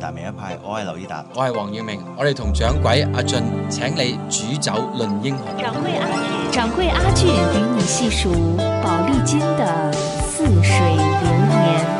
達明一派，我係劉以達，我係黃耀明，我哋同掌櫃阿峻，請你煮酒論英雄。掌櫃阿峻，掌櫃阿峻，與你細數寶麗金的似水流年。